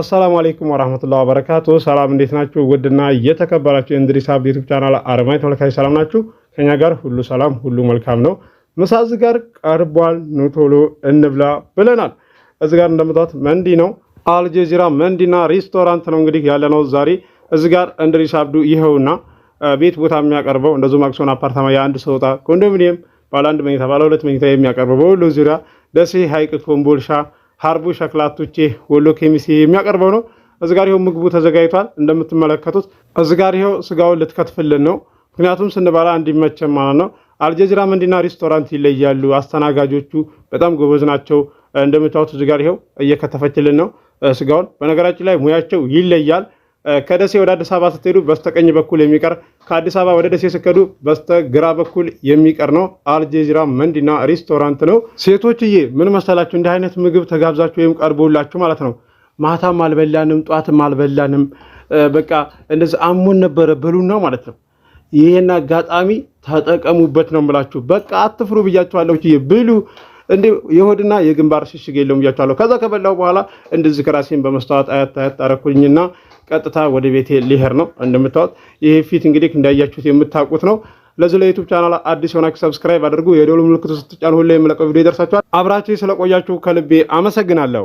አሰላሙ አለይኩም ወራህመቱላሂ ወበረካቱ። ሰላም እንዴት ናችሁ? ውድና እየተከበራችሁ እንድሪስ አብ ዩቲዩብ ቻናል አረማይ ተመልካች ሰላም ናችሁ? ከኛ ጋር ሁሉ ሰላም፣ ሁሉ መልካም ነው። ምሳ እዚህ ጋር ቀርቧል፣ ኑ ቶሎ እንብላ ብለናል። እዚህ ጋር እንደምታት መንዲ ነው፣ አልጀዚራ መንዲና ሬስቶራንት ነው እንግዲህ ያለነው ዛሬ። እዚህ ጋር እንድሪስ አብዱ ይኸውና ቤት ቦታ የሚያቀርበው እንደዚሁም አክሲዮን አፓርታማ፣ የአንድ ሰውጣ ኮንዶሚኒየም፣ ባለ አንድ መኝታ፣ ባለ ሁለት መኝታ የሚያቀርበው በወሎ ዙሪያ ደሴ፣ ሐይቅ፣ ኮምቦልሻ ሀርቡ ሸክላቶቼ ወሎ ኬሚሴ የሚያቀርበው ነው። እዚ ጋር ይኸው ምግቡ ተዘጋጅቷል እንደምትመለከቱት። እዚ ጋር ይኸው ስጋውን ልትከትፍልን ነው። ምክንያቱም ስንበላ እንዲመቸን ማለት ነው። አልጀዚራ መንዲና ሬስቶራንት ይለያሉ። አስተናጋጆቹ በጣም ጎበዝ ናቸው። እንደምታዩት እዚ ጋር ይኸው እየከተፈችልን ነው ስጋውን። በነገራችን ላይ ሙያቸው ይለያል። ከደሴ ወደ አዲስ አበባ ስትሄዱ በስተቀኝ በኩል የሚቀር ከአዲስ አበባ ወደ ደሴ ስትሄዱ በስተግራ በኩል የሚቀር ነው። አልጀዚራ መንዲና ሬስቶራንት ነው። ሴቶችዬ ምን መሰላችሁ፣ እንዲህ አይነት ምግብ ተጋብዛችሁ ወይም ቀርቦላችሁ ማለት ነው። ማታም አልበላንም፣ ጧትም አልበላንም፣ በቃ እንደዚህ አሞን ነበረ በሉና ማለት ነው። ይሄን አጋጣሚ ተጠቀሙበት ነው የምላችሁ። በቃ አትፍሩ ብያችኋለሁ። ብሉ እንደ የሆድና የግንባር ሽሽግ የለውም ብያችኋለሁ። ከዛ ከበላው በኋላ እንደዚህ ከራሴን በመስተዋት አያት አያት አረኩኝና ቀጥታ ወደ ቤቴ ሊሄድ ነው። እንደምታወት ይህ ፊት እንግዲህ እንዳያችሁት የምታውቁት ነው። ለዚህ ለዩቱብ ቻናል አዲስ የሆናችሁ ሰብስክራይብ አድርጉ። የደወሉ ምልክቱ ስትጫኑ ሁሌ የምለቀው ቪዲዮ ይደርሳችኋል። አብራችሁ ስለቆያችሁ ከልቤ አመሰግናለሁ።